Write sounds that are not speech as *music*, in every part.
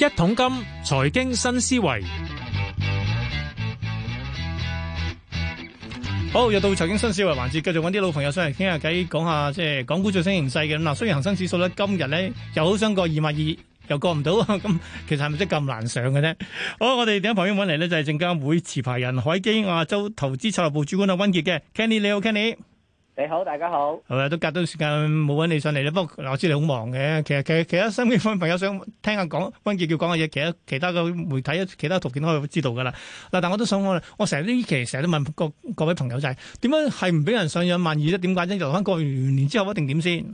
一桶金財經新思維，好，又到財經新思維環節，繼續揾啲老朋友上嚟傾下偈，講下即係港股最新形勢嘅。嗱，雖然恒生指數咧今日咧又好想過二萬二，又過唔到，咁其實係咪真係咁難上嘅咧？好，我哋點喺旁邊揾嚟咧就係證監會持牌人海基亞洲投資策略部主管阿溫傑嘅 Kenny，你好 Kenny。你好，大家好，係咪都隔多時間冇搵你上嚟咧？不過嗱，我知你好忙嘅。其實，其實其他新嘅朋友想聽下講，溫杰叫講嘅嘢，其他其他嘅媒體、其他途徑都可以知道噶啦。嗱，但我都想講，我成呢期成日都問各各位朋友就係點樣係唔俾人上揚萬二咧？點解因由翻過完年之後一定點先？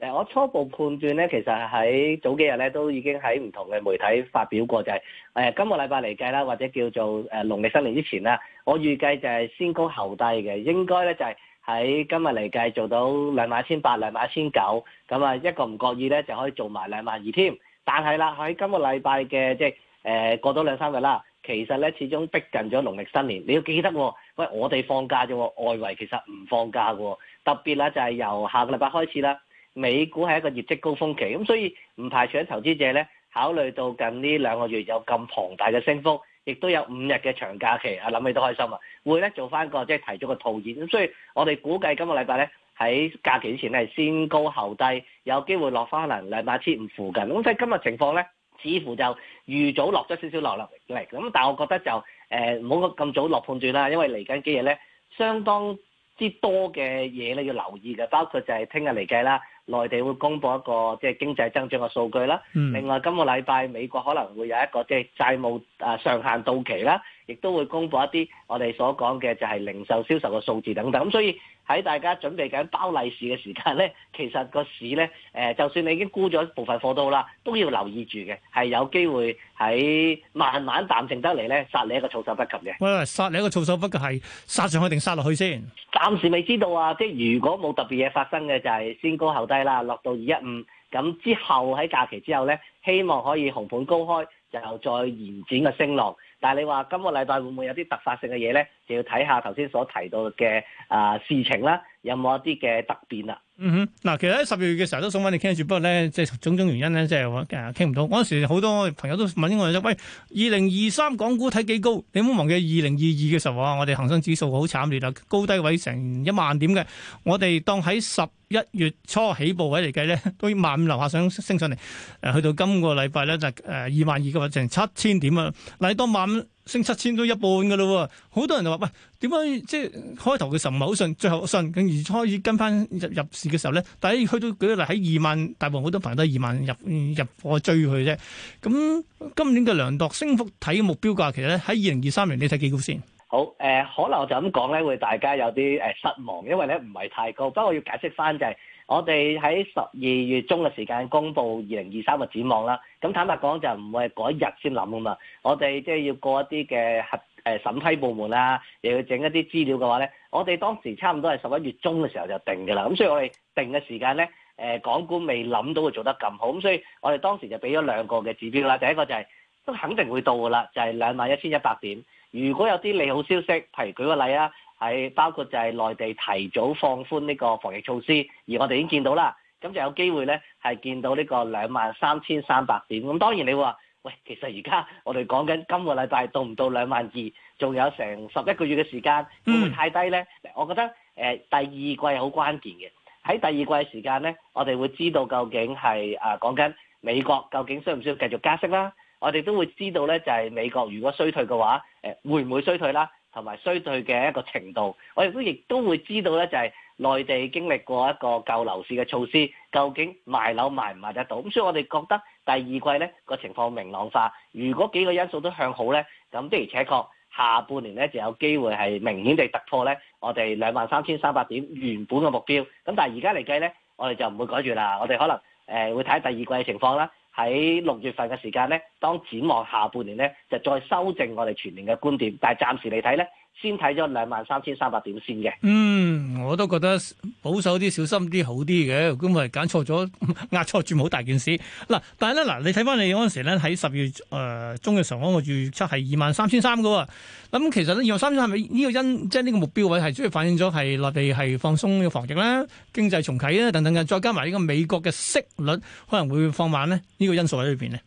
誒，我初步判斷咧，其實喺早幾日咧都已經喺唔同嘅媒體發表過，就係誒今個禮拜嚟計啦，或者叫做誒農曆新年之前啦，我預計就係先高後低嘅，應該咧就係。喺今日嚟計做到兩萬一千八、兩萬一千九，咁啊一個唔覺意咧就可以做埋兩萬二添。但係啦，喺今個禮拜嘅即係誒過多兩三日啦，其實咧始終逼近咗農曆新年。你要記得喎、哦，喂，我哋放假啫喎，外圍其實唔放假嘅喎。特別啦，就係由下個禮拜開始啦，美股係一個業績高峰期，咁所以唔排除投資者咧。考慮到近呢兩個月有咁龐大嘅升幅，亦都有五日嘅長假期，啊諗起都開心啊！會咧做翻個即係提出個套現咁，所以我哋估計今個禮拜咧喺假期之前係先高後低，有機會落翻嚟禮拜七、五附近。咁即係今日情況咧，似乎就預早落咗少少落流力咁，但係我覺得就誒唔好咁早落判斷啦，因為嚟緊幾日咧相當之多嘅嘢咧要留意嘅，包括就係聽日嚟計啦。內地會公布一個即係、就是、經濟增長嘅數據啦，嗯、另外今個禮拜美國可能會有一個即係債務啊上限到期啦，亦都會公布一啲我哋所講嘅就係零售銷售嘅數字等等，咁所以。喺大家準備緊包利是嘅時間咧，其實個市咧，誒、呃，就算你已經沽咗部分貨到啦，都要留意住嘅，係有機會喺慢慢淡靜得嚟咧，殺你一個措手不及嘅。喂，殺你一個措手不及係殺上去定殺落去先？暫時未知道啊，即係如果冇特別嘢發生嘅，就係、是、先高後低啦，落到二一五，咁之後喺假期之後咧，希望可以紅盤高開，然後再延展個升浪。但係你話今個禮拜會唔會有啲突發性嘅嘢咧？就要睇下頭先所提到嘅啊、呃、事情啦。有冇一啲嘅特變啊？嗯哼，嗱，其實喺十月嘅時候都想揾你傾住，不過咧，即係種種原因咧，即係我誒傾唔到。嗰陣時好多朋友都問我喂，二零二三港股睇幾高？你唔好忘記二零二二嘅時候啊，我哋恒生指數好慘烈啊，高低位成一萬點嘅。我哋當喺十一月初起步位嚟計咧，都萬五樓下想升上嚟。誒、呃，去到今個禮拜咧就誒二萬二嘅話，成七千點啊，嗱，多萬。升七千都一半噶咯喎，好多人就話喂，點解即係開頭嘅時候唔係好信，最後信，而開始跟翻入入市嘅時候咧，但係去到舉例喺二萬，大部分好多朋友都係二萬入入貨追佢啫。咁今年嘅量度升幅睇嘅目標價，其實咧喺二零二三年，你睇幾高先？好，誒、呃，可能我就咁講咧，會大家有啲誒失望，因為咧唔係太高，不過我要解釋翻就係、是。我哋喺十二月中嘅時間公布二零二三嘅展望啦。咁坦白講就唔會係嗰一日先諗噶嘛。我哋即係要過一啲嘅核誒審批部門啊，又要整一啲資料嘅話咧，我哋當時差唔多係十一月中嘅時候就定㗎啦。咁所以我哋定嘅時間咧，誒港股未諗到會做得咁好，咁所以我哋當時就俾咗兩個嘅指標啦。第一個就係都肯定會到㗎啦，就係兩萬一千一百點。如果有啲利好消息，譬如舉個例啊。係包括就係內地提早放寬呢個防疫措施，而我哋已經見到啦，咁就有機會咧係見到呢個兩萬三千三百點。咁當然你話，喂，其實而家我哋講緊今個禮拜到唔到兩萬二，仲有成十一個月嘅時間，會唔會太低咧？嗯、我覺得誒、呃、第二季好關鍵嘅，喺第二季嘅時間咧，我哋會知道究竟係啊講緊美國究竟需唔需要繼續加息啦？我哋都會知道咧，就係、是、美國如果衰退嘅話，誒、呃、會唔會衰退啦？同埋衰退嘅一個程度，我亦都亦都會知道咧，就係內地經歷過一個救樓市嘅措施，究竟賣樓賣唔賣得到？咁所以我哋覺得第二季咧個情況明朗化，如果幾個因素都向好咧，咁的而且確下半年咧就有機會係明顯地突破咧我哋兩萬三千三百點原本嘅目標。咁但係而家嚟計咧，我哋就唔會改住啦，我哋可能誒會睇第二季嘅情況啦。喺六月份嘅時間咧，當展望下半年咧，就再修正我哋全年嘅觀點。但係暫時嚟睇咧。先睇咗兩萬三千三百點先嘅。嗯，我都覺得保守啲、小心啲好啲嘅。咁我咪揀錯咗，壓錯住好大件事。嗱、啊，但係咧，嗱、啊，你睇翻你嗰陣時咧，喺十月誒、呃、中嘅上行，我個預測係二萬三千三嘅。咁、嗯、其實咧，二萬三千三係咪呢個因？即係呢個目標位係主要反映咗係內地係放鬆防疫啦、經濟重啓啦等等嘅，再加埋呢個美國嘅息率可能會放慢咧，呢、呢個因素喺裏邊咧。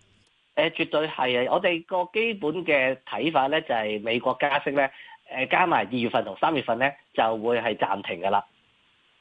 誒、呃，絕對係。我哋個基本嘅睇法咧，就係美國加息咧。誒加埋二月份同三月份咧，就會係暫停㗎啦。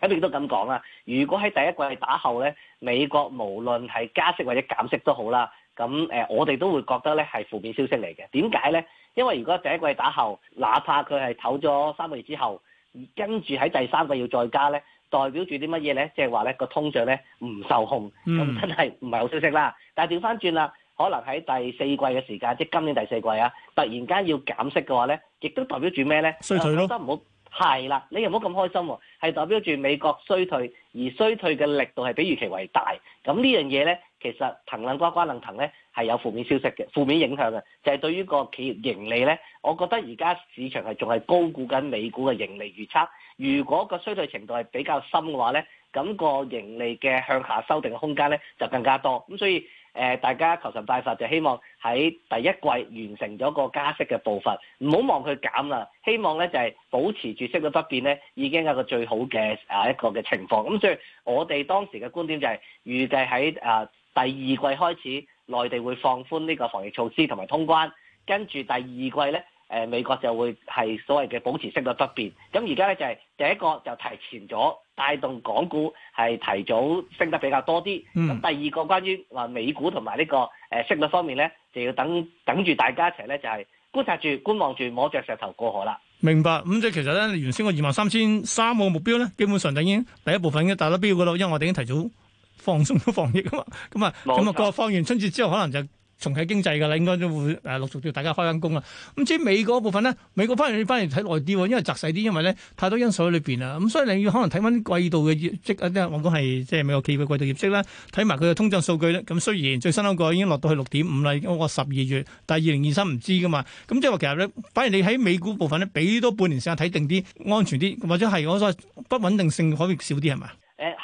咁亦都咁講啦，如果喺第一季打後咧，美國無論係加息或者減息都好啦，咁誒、呃、我哋都會覺得咧係負面消息嚟嘅。點解咧？因為如果第一季打後，哪怕佢係唞咗三個月之後，而跟住喺第三季要再加咧，代表住啲乜嘢咧？即係話咧個通脹咧唔受控，咁真係唔係好消息啦。但係調翻轉啦。可能喺第四季嘅時間，即係今年第四季啊，突然間要減息嘅話咧，亦都代表住咩咧？衰退咯，得唔好係啦，你又唔好咁開心喎、啊，係代表住美國衰退，而衰退嘅力度係比預期為大。咁呢樣嘢咧，其實騰騰呱呱楞騰咧，係有負面消息嘅，負面影響嘅，就係、是、對於個企業盈利咧，我覺得而家市場係仲係高估緊美股嘅盈利預測，如果個衰退程度係比較深嘅話咧，咁、那個盈利嘅向下修訂嘅空間咧就更加多。咁所以。誒，大家求神拜佛就是、希望喺第一季完成咗個加息嘅步伐，唔好望佢減啦。希望咧就係、是、保持住息率不變咧，已經有一個最好嘅，啊一個嘅情況。咁所以我哋當時嘅觀點就係預計喺啊第二季開始，內地會放寬呢個防疫措施同埋通關。跟住第二季咧，誒美國就會係所謂嘅保持息率不變。咁而家咧就係、是、第一個就提前咗。帶動港股係提早升得比較多啲。咁、嗯、第二個關於話美股同埋呢個誒息率方面咧，就要等等住大家一齊咧，就係、是、觀察住、觀望住，摸着石頭過河啦。明白。咁即係其實咧，原先個二萬三千三個目標咧，基本上已經第一部分已經達得了標噶咯。因為我哋已經提早放鬆咗防疫啊嘛。咁啊，咁啊錯，過放完春節之後，可能就～重啟經濟噶啦，應該都會誒、啊、陸續叫大家開翻工啦。咁、嗯、至於美國部分呢，美國反而要反而睇耐啲，因為窄細啲，因為呢太多因素喺裏邊啦。咁、嗯、所以你要可能睇翻季度嘅業績啊，即係我講係即係美國企業嘅季度業績啦，睇埋佢嘅通脹數據咧。咁雖然最新嗰個已經落到去六點五啦，我話十二月，但係二零二三唔知噶嘛。咁即係話其實呢，反而你喺美股部分呢，俾多半年時間睇定啲，安全啲，或者係我所謂不穩定性可以少啲係嘛。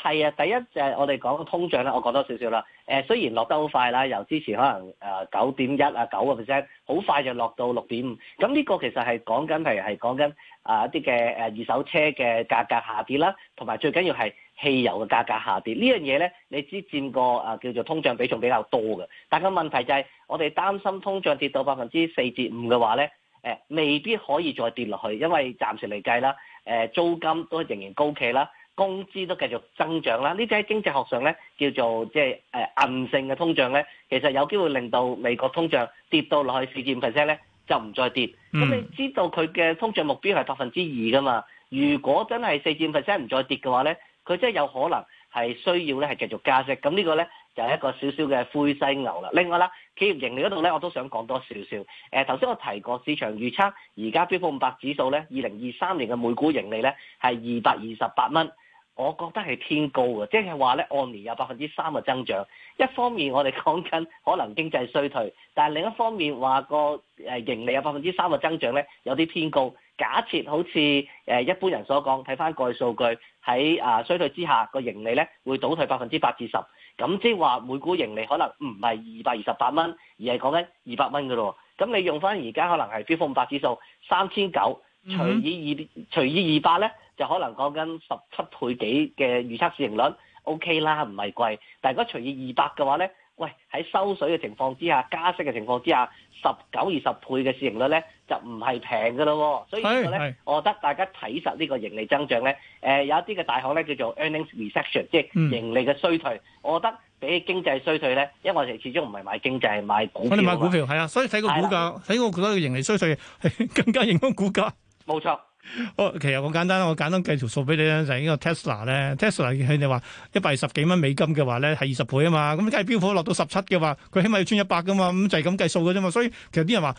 係啊，第一就係我哋講通脹啦，我講多少少啦。誒，雖然落得好快啦，由之前可能誒九點一啊九個 percent，好快就落到六點五。咁呢個其實係講緊譬如係講緊啊一啲嘅誒二手車嘅價格下跌啦，同埋最緊要係汽油嘅價格下跌。呢樣嘢咧，這個、你知佔過啊叫做通脹比重比較多嘅。但個問題就係我哋擔心通脹跌到百分之四至五嘅話咧，誒未必可以再跌落去，因為暫時嚟計啦，誒租金都仍然高企啦。工資都繼續增長啦，呢啲喺經濟學上咧叫做即係誒硬性嘅通脹咧，其實有機會令到美國通脹跌到落去四至五 percent 咧，就唔再跌。咁、嗯、你知道佢嘅通脹目標係百分之二噶嘛？如果真係四至五 percent 唔再跌嘅話咧，佢真係有可能係需要咧係繼續加息。咁呢個咧就係、是、一個少少嘅灰犀牛啦。另外啦，企業盈利嗰度咧，我都想講多少少。誒、呃，頭先我提過市場預測，而家標普五百指數咧，二零二三年嘅每股盈利咧係二百二十八蚊。我覺得係偏高嘅，即係話咧按年有百分之三嘅增長。一方面我哋講緊可能經濟衰退，但係另一方面話個誒盈利有百分之三嘅增長咧，有啲偏高。假設好似誒一般人所講，睇翻過去數據喺啊衰退之下個盈利咧會倒退百分之八至十，咁即係話每股盈利可能唔係二百二十八蚊，而係講緊二百蚊嘅咯。咁你用翻而家可能係標普五百指數三千九除以二，除、嗯、以二百咧？就可能講緊十七倍幾嘅預測市盈率，OK 啦，唔係貴。但如果除以二百嘅話咧，喂喺收水嘅情況之下，加息嘅情況之下，十九二十倍嘅市盈率咧，就唔係平噶咯。所以呢個咧，是是我覺得大家睇實呢個盈利增長咧，誒、呃、有一啲嘅大行咧叫做 earnings recession，即係盈利嘅衰退。嗯、我覺得比起經濟衰退咧，因為我哋始終唔係買經濟，係買股票啊。我哋買股票，係啊，所以睇個股價，睇我覺得嘅盈利衰退係更加影響股價。冇錯。哦，其實好簡單，我簡單計條數俾你咧，就係、個 la, 呢個 Tesla 咧，Tesla 佢哋話一百二十幾蚊美金嘅話咧係二十倍啊嘛，咁梗係標普落到十七嘅話，佢起碼要穿一百噶嘛，咁就係咁計數嘅啫嘛。所以其實啲人話，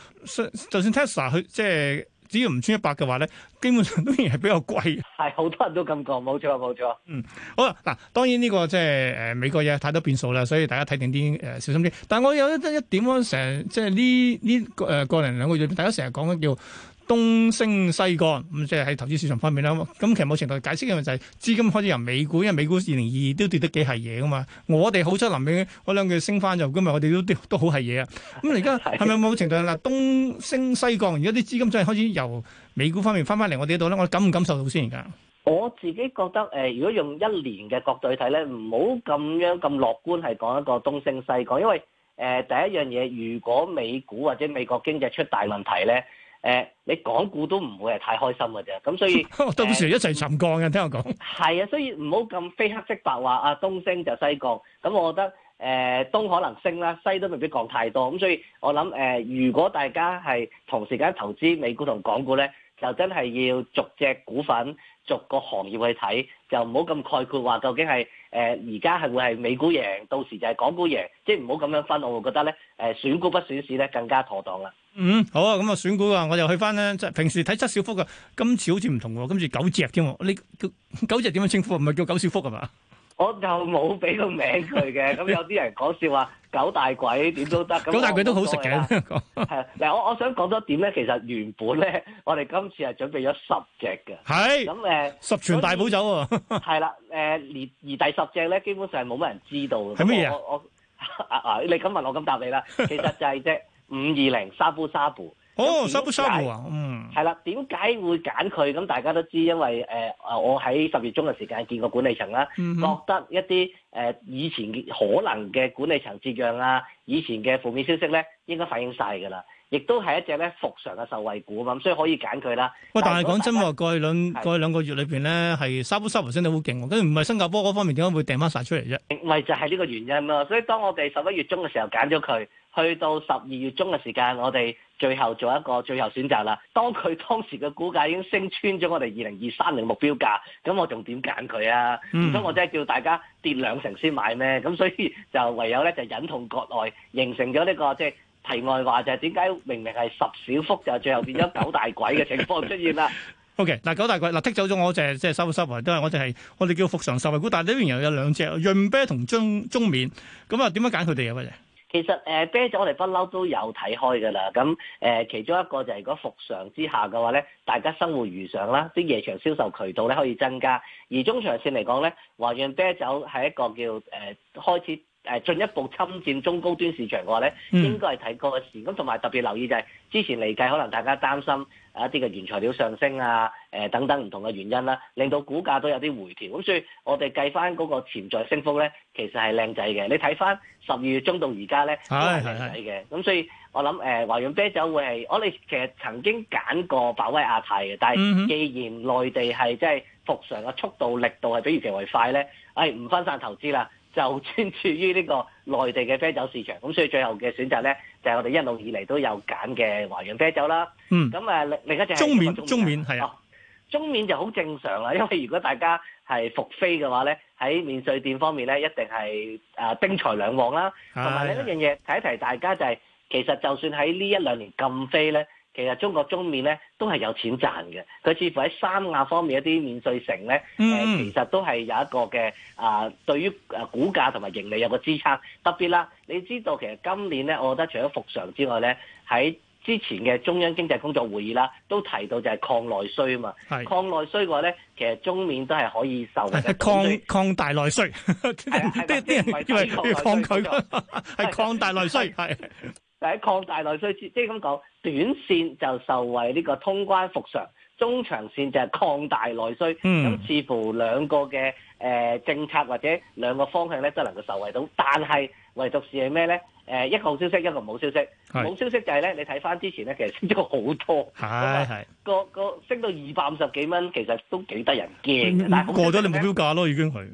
就算 Tesla 佢即、就、係、是、只要唔穿一百嘅話咧，基本上都仍然係比較貴。係好多人都咁講冇錯，冇錯。嗯，好啦，嗱、啊，當然呢、這個即係誒美國嘢太多變數啦，所以大家睇定啲誒小心啲。但係我有一一點，我成即係呢呢誒個零兩個月，大家成日講緊叫。東升西降，咁即係喺投資市場方面咧，咁其實某程度解釋嘅就係資金開始由美股，因為美股二零二二都跌得幾係嘢噶嘛，我哋好彩臨尾嗰兩句升翻就今日我哋都都都好係嘢啊！咁而家係咪某程度嗱，東升西降，而家啲資金真係開始由美股方面翻翻嚟我哋呢度咧，我哋感唔感受到先？而家我自己覺得誒，如果用一年嘅角度去睇咧，唔好咁樣咁樂觀係講一個東升西降，因為誒第一樣嘢，如果美股或者美國經濟出大問題咧。誒、呃，你港股都唔會係太開心嘅啫，咁所以到、呃、 *laughs* 時一齊沉降嘅，聽我講係啊，所以唔好咁非黑即白話，啊東升就西降，咁我覺得誒、呃、東可能升啦，西都未必降太多，咁所以我諗誒、呃，如果大家係同時間投資美股同港股咧，就真係要逐隻股份、逐個行業去睇，就唔好咁概括話究竟係誒而家係會係美股贏，到時就係港股贏，即係唔好咁樣分，我會覺得咧，誒選股不選市咧更加妥當啊。嗯，好啊，咁啊選股啊，我又去翻咧，即係平時睇七小福嘅，今次好似唔同，今次九隻添，你九隻點樣稱呼？唔係叫九小福係嘛？我就冇俾個名佢嘅，咁有啲人講笑話九大鬼點都得，九大鬼都好食嘅。嗱，我我想講多點咧，其實原本咧，我哋今次係準備咗十隻嘅，係咁誒，十全大補酒啊，係啦，誒，而而第十隻咧，基本上係冇乜人知道，係乜嘢？我你咁問，我咁答你啦，其實就係啫。五二零沙布沙布哦，沙布沙布啊，嗯，係啦，點解會揀佢？咁大家都知，因為誒、呃，我喺十月中嘅時間見過管理層啦，嗯、哼覺得一啲誒、呃、以前可能嘅管理層折讓啊，以前嘅負面消息咧，應該反映晒噶啦，亦都係一隻咧復常嘅受惠股咁，所以可以揀佢啦。喂是，但係講真話，過去兩的過去兩個月裏邊咧，係沙布沙布先得好勁，跟住唔係新加坡嗰方面點解會掟翻晒出嚟啫？唔係就係呢個原因咯，所以當我哋十一月中嘅時候揀咗佢。去到十二月中嘅時間，我哋最後做一個最後選擇啦。當佢當時嘅股價已經升穿咗我哋二零二三年目標價，咁我仲點揀佢啊？唔通、嗯、我真係叫大家跌兩成先買咩？咁所以就唯有咧就忍痛割愛，形成咗呢、這個即係、就是、題外話就係點解明明係十小幅就最後變咗九大鬼嘅情況出現啦 *laughs* ？OK，嗱九大鬼嗱剔走咗、就是就是，我就係即係收收埋都係我哋、就、係、是、我哋叫復常受惠股，但係呢邊又有兩隻潤啤同中中免咁啊？點樣揀佢哋有乜嘢？其實誒、呃，啤酒我哋不嬲都有睇開噶啦。咁誒、呃，其中一個就係如果復常之下嘅話咧，大家生活如常啦，啲夜場銷售渠道咧可以增加。而中長線嚟講咧，華潤啤酒係一個叫誒、呃、開始誒、呃、進一步侵占中高端市場嘅話咧，應該係睇嗰個事。咁同埋特別留意就係、是、之前嚟計，可能大家擔心。一啲嘅原材料上升啊，誒、呃、等等唔同嘅原因啦、啊，令到股價都有啲回調。咁所以我哋計翻嗰個潛在升幅咧，其實係靚仔嘅。你睇翻十二月中到而家咧，都係靚仔嘅。咁、哎哎哎、所以我諗誒華潤啤酒會係我哋其實曾經揀過百威亞太嘅，但係既然內地係即係復常嘅速度力度係比以前為快咧，誒、哎、唔分散投資啦，就專注於呢、這個。內地嘅啤酒市場，咁所以最後嘅選擇呢，就係、是、我哋一路以嚟都有揀嘅華潤啤酒啦。嗯。咁誒，另一隻就係中免緣、啊哦，中免係啊。中免就好正常啦、啊，因為如果大家係復飛嘅話呢，喺免稅店方面呢，一定係誒丁財兩旺啦。同埋咧呢樣嘢，提一提大家就係、是。其實就算喺呢一兩年禁飛咧，其實中國中免咧都係有錢賺嘅。佢似乎喺三亞方面一啲免稅城咧，誒、嗯、其實都係有一個嘅啊、呃，對於誒股價同埋盈利有個支撐。特別啦，你知道其實今年咧，我覺得除咗復常之外咧，喺之前嘅中央經濟工作會議啦，都提到就係擴內需啊嘛。係擴是內需嘅話咧，其實中免都係可以受嘅。擴擴大內需，啲啲人叫佢叫佢擴佢，係擴大內需係。就喺擴大內需，即係咁講，短線就受惠呢個通關復常，中長線就係擴大內需。咁、嗯、似乎兩個嘅誒、呃、政策或者兩個方向咧，都能夠受惠到。但係唯獨是係咩咧？誒一個好消息，一個唔好消息。冇是消息就係咧，你睇翻之前咧，其實升咗好多。係係是個個升到二百五十幾蚊，其實都幾得人驚嘅。過咗你目標價咯，已經係。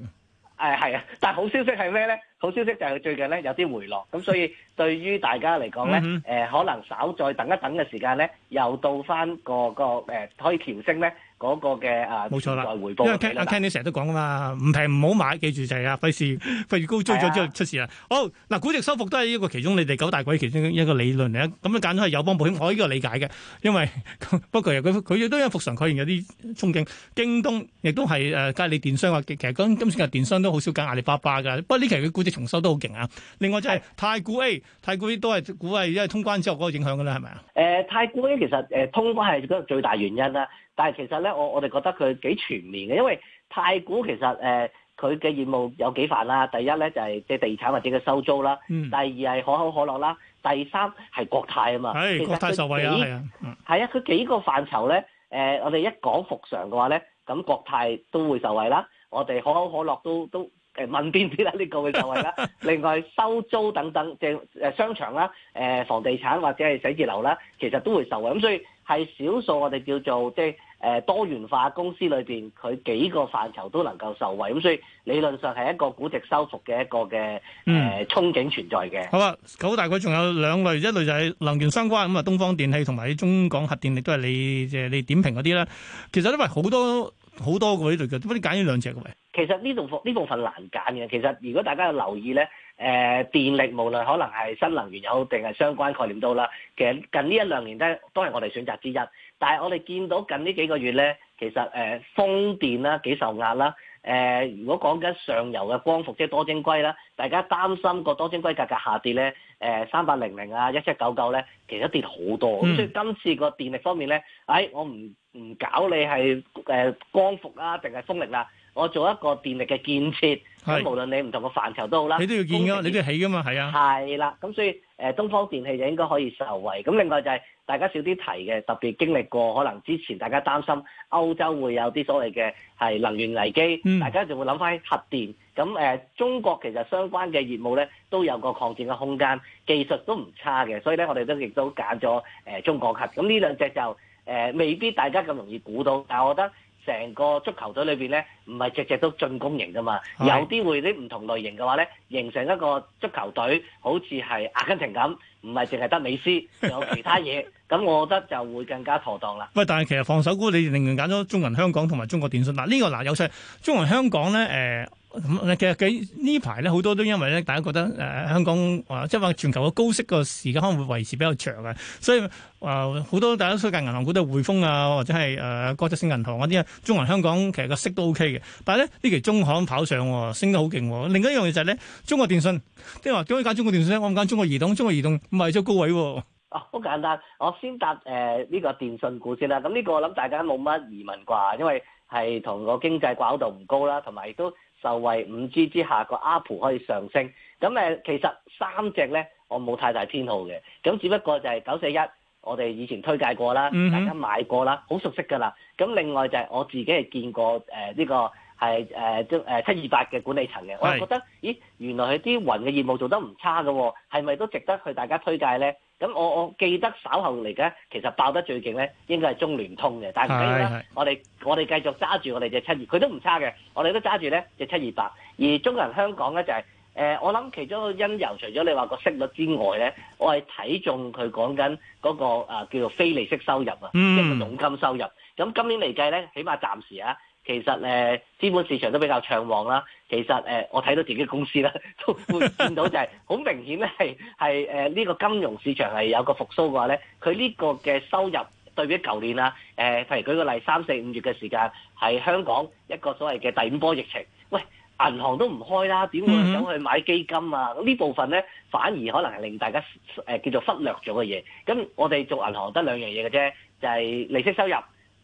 誒係啊，但係好消息係咩咧？好消息就係最近咧有啲回落，咁所以對於大家嚟講咧，誒、 *laughs* 呃、可能稍再等一等嘅時間咧，又到翻個個誒、呃、可以調升咧。嗰個嘅為啊，再回報，因為阿 Ken 你成日都講㗎嘛，唔平唔好買，記住就係啊，費事費越高追咗之後出事啦。好嗱，啊，oh, 估值收復都係一個其中你哋九大鬼其中一個理論嚟，咁樣揀咗係友邦保險，我依個理解嘅，因為 *laughs* 不過佢佢亦都因為復常概念有啲憧憬。京東亦都係誒佳利電商啊，其實咁今次啊電商都好少揀阿里巴巴㗎。不過呢期嘅估值重收都好勁啊。另外就係太古 A，太是古，古 A 都係估係因為通關之後嗰個影響㗎啦，係咪啊？誒、呃，太古 A 其實誒通關係個最大原因啦。但係其實咧，我我哋覺得佢幾全面嘅，因為太古其實誒佢嘅業務有幾範啦。第一咧就係、是、即地產或者嘅收租啦，嗯、第二係可口可樂啦，第三係國泰啊嘛。係嘿，國泰受惠啊，係啊，係啊，佢幾個範疇咧誒、呃，我哋一講復常嘅話咧，咁國泰都會受惠啦。我哋可口可樂都都。誒，問邊啲啦？呢個會受惠啦。 *laughs* 另外收租等等，即係誒商場啦，誒房地產或者係寫字樓啦，其實都會受惠。咁所以係少數我哋叫做即係誒多元化公司裏邊，佢幾個範疇都能夠受惠。咁所以理論上係一個估值收復嘅一個嘅誒、嗯、憧憬存在嘅。好啊，九大佢仲有兩類，一類就係能源相關咁啊，東方電器同埋中港核電力都係你即係你點評嗰啲啦。其實因為好多好多個呢類嘅，不如你揀呢兩隻嘅咪。其實呢度呢部分難揀嘅。其實如果大家有留意呢，誒、呃、電力無論可能係新能源有定係相關概念都啦。其實近呢一兩年咧都係我哋選擇之一。但係我哋見到近呢幾個月呢，其實誒、呃、風電啦幾受壓啦。誒、呃、如果講緊上游嘅光伏，即係多晶硅啦，大家擔心個多晶硅價格下跌呢，誒三八零零啊，一七九九呢，其實跌好多。咁、嗯、所以今次個電力方面呢，喺、哎、我唔唔搞你係誒光伏啊定係風力啦。我做一個電力嘅建設，咁無論你唔同嘅範疇都好啦，你都要建㗎，你都要起㗎嘛，係啊。係啦，咁所以誒，東方電器就應該可以受惠。咁另外就係大家少啲提嘅，特別經歷過可能之前大家擔心歐洲會有啲所謂嘅係能源危機，大家就會諗返核電。咁誒，中國其實相關嘅業務咧都有個擴展嘅空間，技術都唔差嘅，所以咧我哋都亦都揀咗誒中國核。咁呢兩隻就誒未必大家咁容易估到，但係我覺得。成個足球隊裏邊咧，唔係隻隻都進攻型㗎嘛，有啲會啲唔同類型嘅話咧，形成一個足球隊好似係阿根廷咁，唔係淨係得美斯，有其他嘢，咁 *laughs* 我覺得就會更加妥當啦。喂，但係其實防守股，你寧願揀咗中銀香港同埋中國電信，嗱、這、呢個嗱有錯？中銀香港咧誒。呃咁其實幾呢排咧好多都因為咧，大家覺得誒香港或即係話全球嘅高息個時間可能會維持比較長啊，所以話好多大家推介銀行股都係匯豐啊，或者係誒、呃、國際性銀行嗰啲啊，中銀香港其實個息都 OK 嘅。但係咧呢期中行跑上，升得好勁，哦。另一樣嘢就係咧，中國電信，即係話點解揀中國電信咧，我唔揀中國移動，中國移動唔係最高位喎。哦，好、哦、簡單，我先答誒呢、呃這個電信股先啦。咁、嗯、呢、這個我諗大家冇乜疑問啩，因為係同個經濟掛鈎度唔高啦，同埋都。受惠五 G 之下個 ARPU 可以上升，咁誒其實三隻呢，我冇太大偏好嘅，咁只不過就係九四一我哋以前推介過啦，mm hmm. 大家買過啦，好熟悉㗎啦。咁另外就係我自己係見過誒呢、呃這個。係誒中誒七二八嘅管理層嘅，我覺得是 咦，原來佢啲雲嘅業務做得唔差嘅，哦，係咪都值得去大家推介咧？咁我我記得稍後嚟嘅，其實爆得最勁咧，應該係中聯通嘅。但係唔緊要啦，我哋我哋繼續揸住我哋隻七二，佢都唔差嘅，我哋都揸住咧隻七二八。而中國人香港咧就係、是、誒、呃，我諗其中個因由，除咗你話個息率之外咧，我係睇中佢講緊嗰個、啊、叫做非利息收入啊，即係、嗯、個佣金收入。咁今年嚟計咧，起碼暫時啊。其實誒，資本市場都比較暢旺啦。其實誒，我睇到自己嘅公司啦，都會見到就係好明顯咧，係係誒呢個金融市場係有個復甦嘅話咧，佢呢個嘅收入對比舊年啦，誒、呃，譬如舉個例，三四五月嘅時間係香港一個所謂嘅第五波疫情，喂，銀行都唔開啦，點會走去買基金啊？呢部分咧反而可能係令大家誒、呃、叫做忽略咗嘅嘢。咁我哋做銀行得兩樣嘢嘅啫，就係、是、利息收入。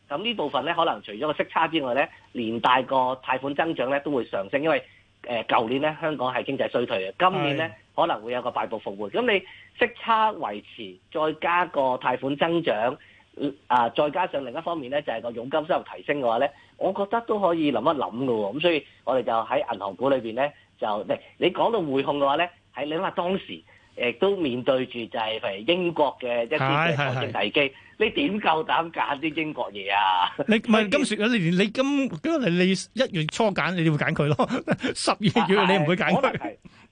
咁呢部分咧，可能除咗個息差之外咧，連帶個貸款增長咧都會上升，因為誒舊年咧香港係經濟衰退嘅，今年咧可能會有個敗部復活。咁你息差維持，再加個貸款增長，啊、呃，再加上另一方面咧就係個佣金收入提升嘅話咧，我覺得都可以諗一諗嘅喎。咁所以我哋就喺銀行股裏邊咧就誒，你講到匯控嘅話咧，喺你諗下當時。亦都面對住就係譬如英國嘅一啲政治危機，你點夠膽揀啲英國嘢啊？你唔係今時啊，你連你今嗰個你一月初揀，你會揀佢咯。十二月你唔會揀。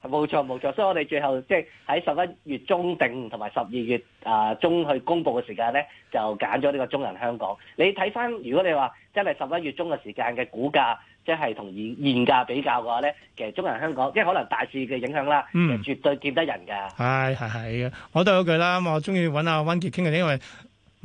冇錯冇錯，所以我哋最後即係喺十一月中定同埋十二月啊中去公佈嘅時間咧，就揀咗呢個中銀香港。你睇翻，如果你話真係十一月中嘅時間嘅股價。即係同現現價比較嘅話咧，其實中銀香港，即係可能大市嘅影響啦，嗯、絕對見得人噶。係係係嘅，我都有句啦，咁我中意揾阿溫傑傾嘅，因為。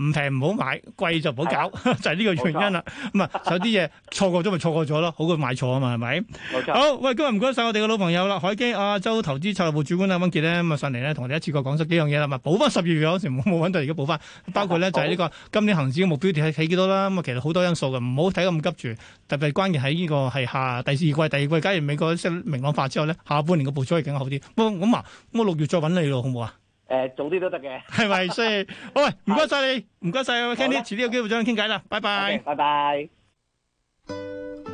唔平唔好買，貴就唔好搞，啊、 *laughs* 就係呢個原因啦。咁啊沒錯， *laughs* 有啲嘢錯過咗咪錯過咗咯，好過買錯啊嘛，係咪？錯好，喂，今日唔該晒我哋嘅老朋友啦，凱基亞洲、啊、投資策略部主管阿溫傑呢，咁啊上嚟呢同我哋一次過講咗幾樣嘢啦，咪補翻十二月嗰時冇揾到而家補翻，包括呢就係、是、呢、這個今年恒指嘅目標點係企幾多啦。咁啊，其實好多因素嘅，唔好睇咁急住。特別關鍵喺呢個係下第二季第二季，假如美國即明朗化之後呢，下半年嘅部署係更加好啲。我咁啊，我六月再揾你咯，好唔好啊？誒，早啲、呃、都得嘅，係咪先？好 *laughs* 喂，唔該晒你，唔該晒啊，Kenny，遲啲有機會再傾偈啦，拜拜，拜拜，okay。